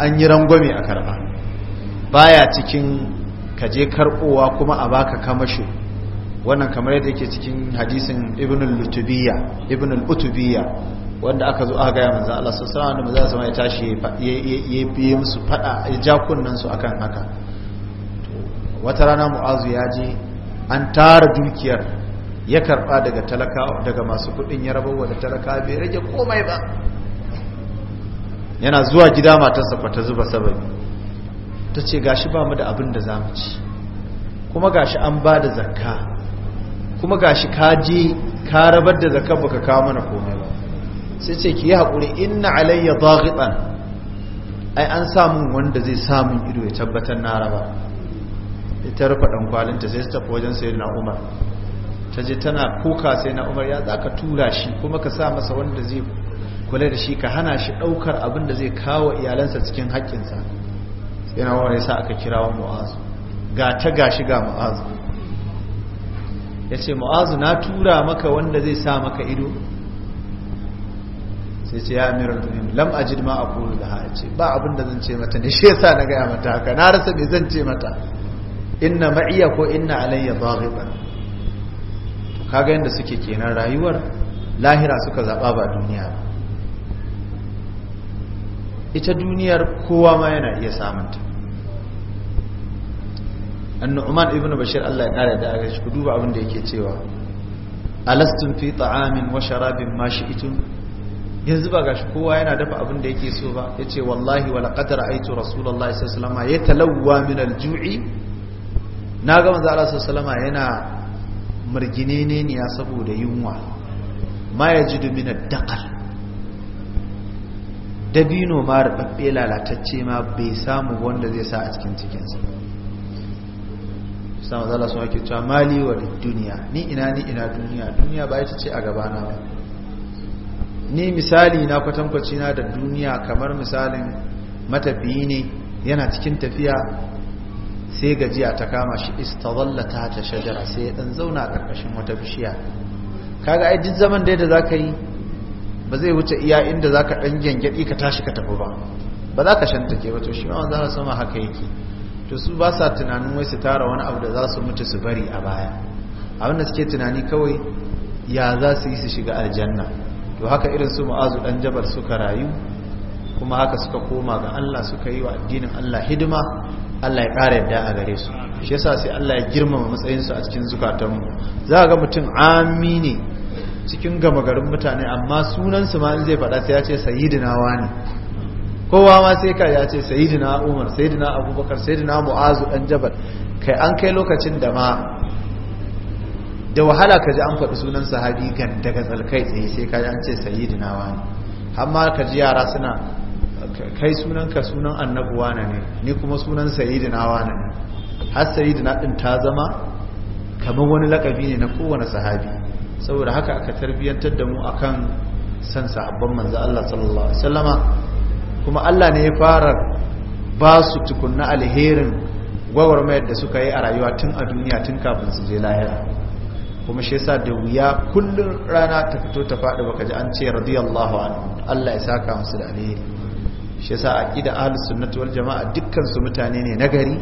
an yi rangwame a karɓa baya cikin ka je karbowa kuma a baka kamashi wannan kamar yadda yake cikin hadisin ibn al-utubiyya ibn utubiyya wanda aka zo aka gaya manzo Allah sallallahu alaihi wasallam zama ya tashi ya biye musu fada ya ja kunnan su akan haka wata rana mu'azu ya je an tara dukiyar ya karba daga talaka daga masu kudin ya rabawa da talaka bai rage komai ba yana zuwa gida matarsa fa ta zuba sababi ta ce gashi ba mu da abin da za mu ci kuma gashi an ba da zakka kuma gashi ka ka rabar da zakka baka kawo mana komai ba sai ce ki yi haƙuri inna alayya daghitan ai an samun wanda zai samu ido ya tabbatar na raba ita rufa dan kwalinta sai ta tafi wajen sayyidina Umar ta je tana kuka sai na Umar ya zaka tura shi kuma ka sa masa wanda zai kula da shi ka hana shi daukar abin da zai kawo iyalansa cikin haƙƙinsa yana wani sa aka kira wa mu'azu ga ta gashi ga mu'azu ya ce mu'azu na tura maka wanda zai sa maka ido sai ce ya amiral mu'min lam jidma a kuru da ya ce ba abin da zan ce mata ne shi sa na gaya mata haka na rasa me zan ce mata inna ma'iya ko inna alayya daghiban to kaga yanda suke kenan rayuwar lahira suka zaba ba duniya ba ita duniyar kowa ma yana iya samunta annu'man ibnu bashir Allah ya kare da aka shi ku duba abin da yake cewa alastum fi ta'amin wa sharabin ma shi'tum yanzu ba gashi kowa yana dafa abin da yake so ba yace wallahi wa laqad ra'aytu rasulullahi sallallahu alaihi wasallam yatalawwa min al-ju'i naga manzo Allah sallallahu alaihi yana murginene ne ya saboda yunwa ma yajidu min dumina daqal dabino ma rubabbe lalatacce ma bai samu wanda zai sa a cikin cikinsa sama zala sun ake cewa mali wa duniya ni ina ni ina duniya duniya ba ita ce a gabana ba ni misali na kwatankwaci na da duniya kamar misalin matafiyi ne yana cikin tafiya sai gajiya ta kama shi istazalla ta ta shajara sai ya dan zauna a ƙarƙashin wata bishiya kaga ai duk zaman da za ka yi ba zai wuce iya inda za ka ɗan gyangyaɗi ka tashi ka tafi ba ba za ka shantake ba to shi ma wanzan sama haka yake to su ba sa tunanin wai su tara wani abu da za su mutu su bari a baya abinda suke tunani kawai ya za su yi su shiga aljanna to haka irin su ma'azu ɗan jabar suka rayu kuma haka suka koma ga Allah suka yi wa addinin Allah hidima Allah ya ƙara yadda a gare su shi yasa sai Allah ya girmama matsayinsu a cikin zukatanmu za ga mutum amini cikin gama garin mutane amma sunansu ma zai faɗa sai ya ce sayidina wani kowa ma sai ka ya ce sayidina umar sayidina abubakar sayidina mu'azu dan jabal kai an kai lokacin da ma da wahala ka ji an faɗi sunan sahabi gan daga tsalkai tsaye sai ka ji an ce sayidina wani amma ka ji yara suna kai sunan ka sunan annabuwa na ne ni kuma sunan sayidina wani ne har sayidina din ta zama kamar wani lakabi ne na kowane sahabi saboda haka aka tarbiyantar da mu akan san sahabban manzan Allah sallallahu alaihi wasallama kuma Allah ne ya fara ba su tukunna alherin gwagwarmayar da suka yi a rayuwa tun a duniya tun kafin su je lahira kuma shi sa da wuya kullum rana ta fito ta faɗi baka ji an ce radiyallahu anhu Allah ya saka musu da alheri shi a aqida ahlus sunnati wal jamaa dukkan su mutane ne nagari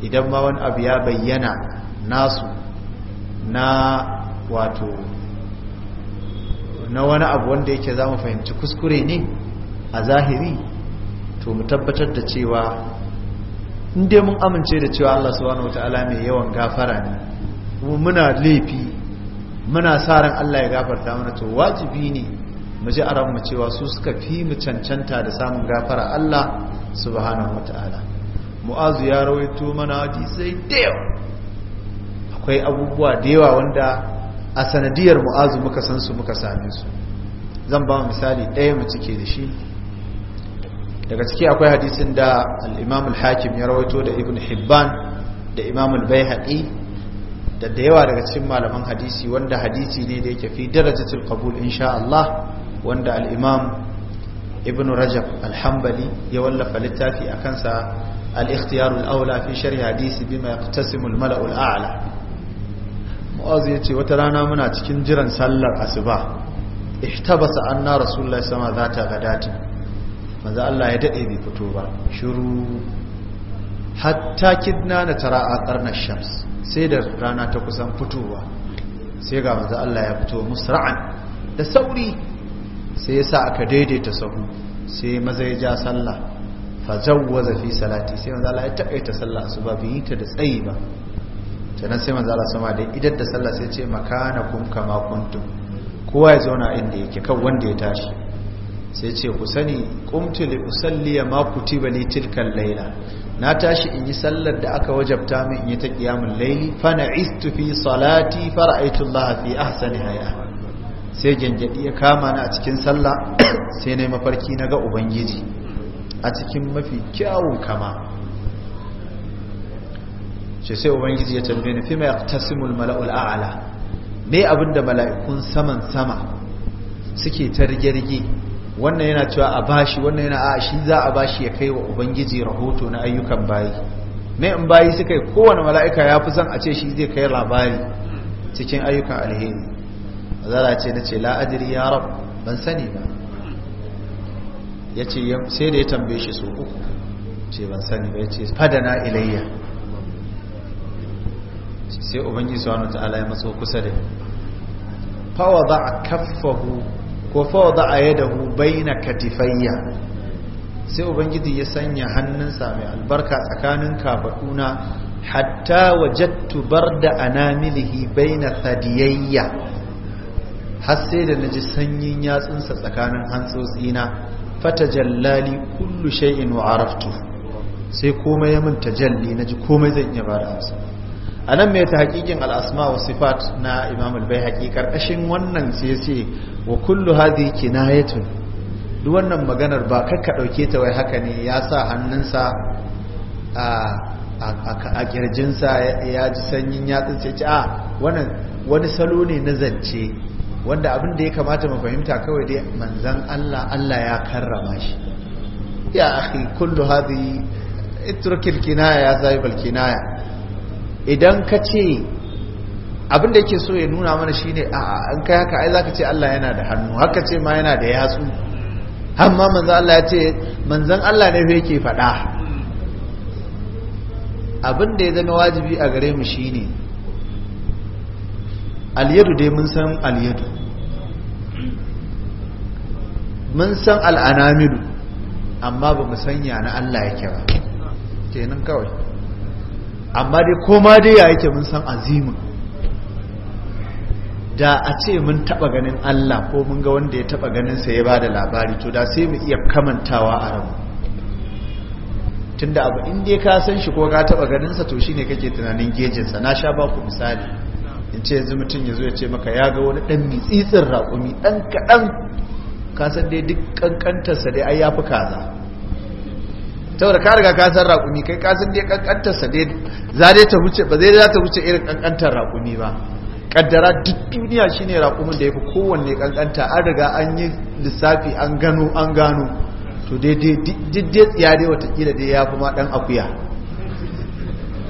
idan ma wani abu ya bayyana nasu na wato na wani abu wanda yake za mu fahimci kuskure ne a zahiri to mu tabbatar da cewa inda mun amince da cewa Allah subhanahu wataala mai yawan gafara ne kuma muna laifi muna sa ran Allah ya gafarta mana to wajibi ne mu ji a ranmu cewa su suka fi mu cancanta da samun gafara Allah subhanahu wataala mu'azu ya rawaito mana hadisai da yawa akwai abubuwa da yawa wanda a sanadiyar mu'azu muka san su muka same su zan ba misali ɗaya mu cike da shi daga ciki akwai hadisin da al-imam al-hakim ya rawaito da ibn hibban da imam al-baihaqi da da yawa daga cikin malaman hadisi wanda hadisi ne da yake fi darajatul qabul insha Allah wanda al-imam ibn rajab al-hanbali ya wallafa littafi akan sa al-ikhtiyar al-awla fi sharh hadisi bima yaqtasimu al-mala'u al-a'la mu'az ya ce wata rana muna cikin jiran sallar asuba ihtabasa anna rasulullahi sama za ta datin. Maza Allah ya daɗe bai fito ba shiru hatta kidna na tara a ƙarnar shams sai da rana ta kusan fitowa sai ga maza Allah ya fito musra'an da sauri sai ya sa aka daidaita sahu sai maza ya ja sallah fa fazawwaza fi salati sai maza Allah ya taƙaita sallah asuba bai yi ta da tsayi ba kenan sai manzo Allah sama da idan da sallah sai ce makanakum kama kuntum kowa ya zauna inda yake kan wanda ya tashi sai ce ku sani qumtu li usalli ma kutiba li tilkal layla na tashi in yi sallar da aka wajabta min in yi ta qiyamul layli fa na'istu fi salati fa ra'aytu Allah fi ahsani haya sai gengedi ya kama ni a cikin sallah sai nayi mafarki naga ubangiji a cikin mafi kyawun kama shi sai ubangiji ya tambaye ni fima yaqtasimul mala'ul a'la me abinda mala'ikun saman sama suke targerge wannan yana cewa a bashi wannan yana a shi za a bashi ya kai wa ubangiji rahoto na ayyukan bayi me in bayi suka yi kowane mala'ika ya fi san a ce shi zai kai labari cikin ayyukan alheri zara ce na ce la'adiri ya rab ban sani ba ya ce sai da ya tambaye shi su uku ce ban sani ba ya ce fadana ilayya sai ubangiji subhanahu ta'ala ya matso kusa da fa wada kaffahu ko fa wada yadahu baina katifayya sai ubangiji ya sanya hannunsa mai albarka tsakanin kafaduna hatta wajattu barda anamilihi baina thadiyayya har sai da naji sanyin yatsunsa tsakanin hantsotsina fatajallali kullu shay'in wa araftu sai komai ya mun tajalli naji komai zan iya bada amsa a nan mai ta haƙiƙin al'asma wa sifat na imam albai karkashin wannan sai wa kullu hadhi kinayatun duk wannan maganar ba kakka ɗauke ta wai haka ne ya sa hannunsa a ƙirjinsa ya ji sanyin ya tsince ce a wannan wani salo ne na zance wanda abin da ya kamata mu fahimta kawai dai manzan Allah Allah ya karrama shi ya akhi kullu hadhi itrukil kinaya ya sahibal kinaya idan ka ce abinda yake so ya nuna mana shine a an kai haka ai zaka ce Allah yana da hannu haka ce ma yana da yatsu amma manzon Allah ya ce manzon Allah ne fa yake faɗa abinda ya zama wajibi a gare mu shine aliyadu dai mun san aliyadu mun san al'anamidu amma ba mu sanya na Allah yake ba kenan kawai amma dai koma dai ya yake mun san azimin da a ce mun taba ganin Allah ko mun ga wanda ya taba ganin sa ya bada labari to da sai mu iya kamantawa a ran tunda abu in dai ka san shi ko ka taba ganin sa to shine kake tunanin gejin sa na sha ba ku misali in ce yanzu mutum ya zo ya ce maka ya ga wani dan mitsitsin raƙumi dan kaɗan ka san dai duk sa dai ai ya kaza saboda ka riga ka san raƙumi kai ka san dai kankantar sa dai za dai ta wuce ba zai za ta wuce irin kankantar raƙumi ba kaddara duk duniya shine raƙumin da yafi kowanne kankanta an riga an yi lissafi an gano an gano to daidai dai tsiya dai watakila dai ya fi ma dan akuya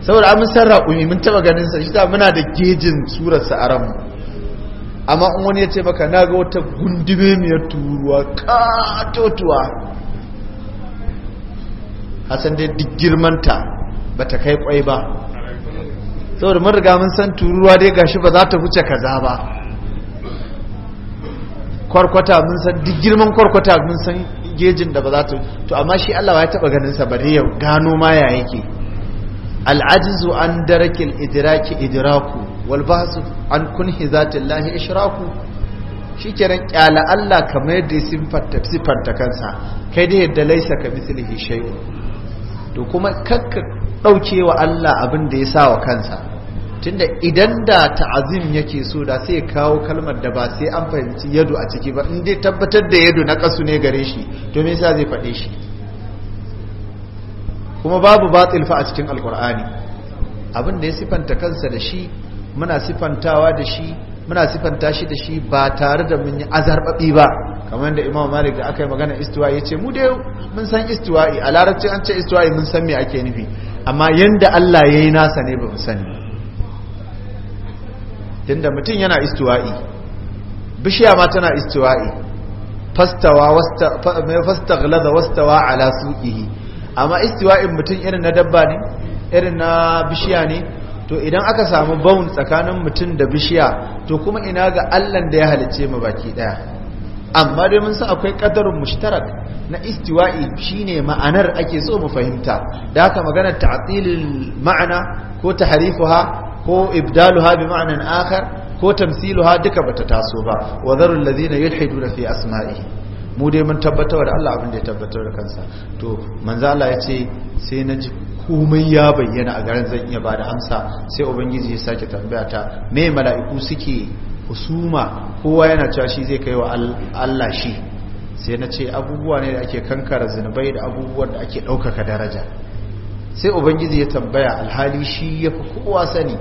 saboda an san raƙumi mun taɓa ganin sa shi ta muna da gejin surarsa a aram amma in wani ya ce maka na ga wata gundume mai turuwa katotuwa hasan dai duk girmanta ba ta kai kwai ba saboda mun riga mun san turuwa dai gashi ba za ta huce kaza ba kwarkwata mun san duk girman kwarkwata mun san gejin da ba za ta to amma shi Allah ya taba ganin sa bare yau gano ma ya yake al'ajizu an darakil idraki idraku wal bahsu an kunhi zatillahi ishraku shi kyala Allah kamar da sifanta kansa kai dai yadda laisa ka mislihi shay'un to kuma kakka ɗauke wa Allah abin da ya sa wa kansa tunda idan da ta'azim yake so da sai ya kawo kalmar da ba sai an fahimci yadu a ciki ba in dai tabbatar da yadu na kasu ne gare shi to me yasa zai faɗe shi kuma babu batil fa a cikin alkur'ani abin da ya sifanta kansa da shi muna sifantawa da shi muna sifanta shi da shi ba tare da mun yi azarbabi ba kamar yadda imam malik da aka yi magana istiwa'i ya ce mu dai mun san istiwa'i a larabci an ce istiwa'i mun san me ake nufi amma yadda allah ya yi nasa ne ba mu sani tunda mutum yana istiwa'i bishiya ma tana istiwa'i fastawa fastaghlada wastawa ala suqihi amma istiwa'in mutum irin na dabba ne irin na bishiya ne to idan aka samu bawun tsakanin mutum da bishiya to kuma ina ga allan da ya halice mu baki daya amma dai mun san akwai kadarun mushtarak na istiwa'i shine ma'anar ake so mu fahimta da haka maganar ta'tilil ma'ana ko tahrifuha ko ibdaluha bi ma'anan akhar ko tamsiluha duka bata taso ba wa zarul ya yulhiduna fi asma'ihi mu dai mun tabbatar da Allah abin da ya tabbatar da kansa to manzo Allah ya ce sai na ji komai ya bayyana a garin zan iya bada amsa sai ubangiji ya sake tambaya ta me mala'iku suke husuma kowa yana cewa shi zai kai wa Allah shi sai na ce abubuwa ne da ake kankara zinubai da abubuwan da ake ɗaukaka daraja sai ubangiji ya tambaya alhali shi ya fi kowa sani